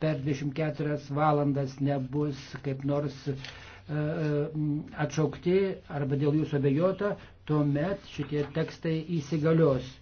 per 24 valandas nebus kaip nors e, e, atšaukti arba dėl jūsų abejota, tuomet šitie tekstai įsigalios.